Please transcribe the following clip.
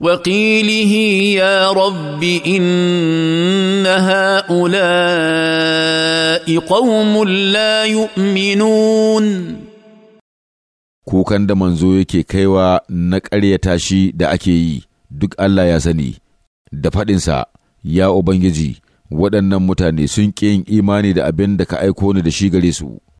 وقيله يا رب ان هؤلاء قوم لا يؤمنون kukan da manzo yake kaiwa na ƙaryata shi da ake yi duk Allah ya sani da faɗinsa ya Ubangiji waɗannan mutane sun ƙi yin imani da abin da ka aiko ni da shi gare su